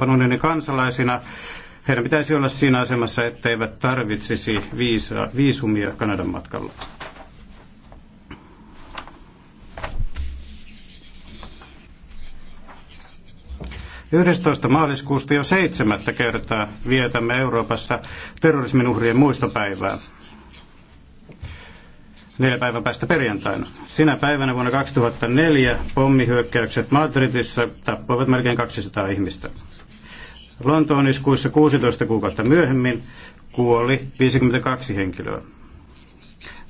Euroopan unionin kansalaisina, heidän pitäisi olla siinä asemassa, etteivät tarvitsisi viisa, viisumia Kanadan matkalla. Yhdestoista maaliskuusta jo seitsemättä kertaa vietämme Euroopassa terrorismin uhrien muistopäivää neljä päivän päästä perjantaina. Sinä päivänä vuonna 2004 pommihyökkäykset Madridissa tappoivat melkein 200 ihmistä. Lontoon iskuissa 16 kuukautta myöhemmin kuoli 52 henkilöä.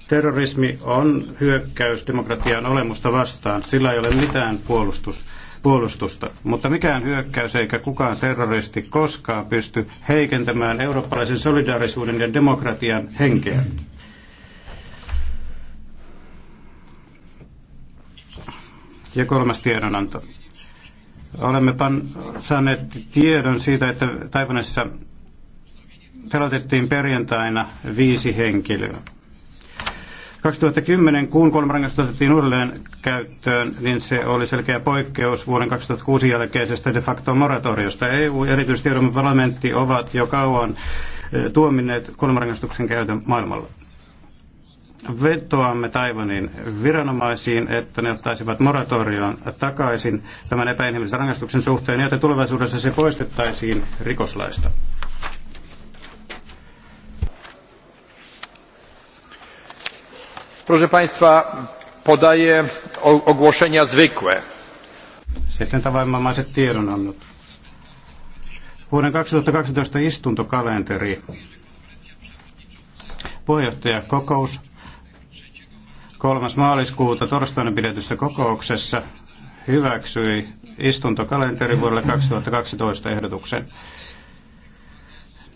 Terrorismi on hyökkäys demokratian olemusta vastaan. Sillä ei ole mitään puolustus, puolustusta. Mutta mikään hyökkäys eikä kukaan terroristi koskaan pysty heikentämään eurooppalaisen solidaarisuuden ja demokratian henkeä. Ja kolmas tiedonanto. Olemme pan, saaneet tiedon siitä, että Taivanessa telotettiin perjantaina viisi henkilöä. 2010 kuun kolmarangaistus otettiin uudelleen käyttöön, niin se oli selkeä poikkeus vuoden 2006 jälkeisestä de facto moratoriosta. EU ja erityisesti Euroopan parlamentti ovat jo kauan eh, tuomineet kolmarangaistuksen käytön maailmalla vetoamme Taiwanin viranomaisiin, että ne ottaisivat moratorion takaisin tämän epäinhimillisen rangaistuksen suhteen ja että tulevaisuudessa se poistettaisiin rikoslaista. Proszę Państwa, podaję ogłoszenia zwykłe. Sitten tavanomaiset tiedonannot. Vuoden 2012 istuntokalenteri puheenjohtajakokous 3. maaliskuuta torstaina pidetyssä kokouksessa hyväksyi istuntokalenterin vuodelle 2012 ehdotuksen.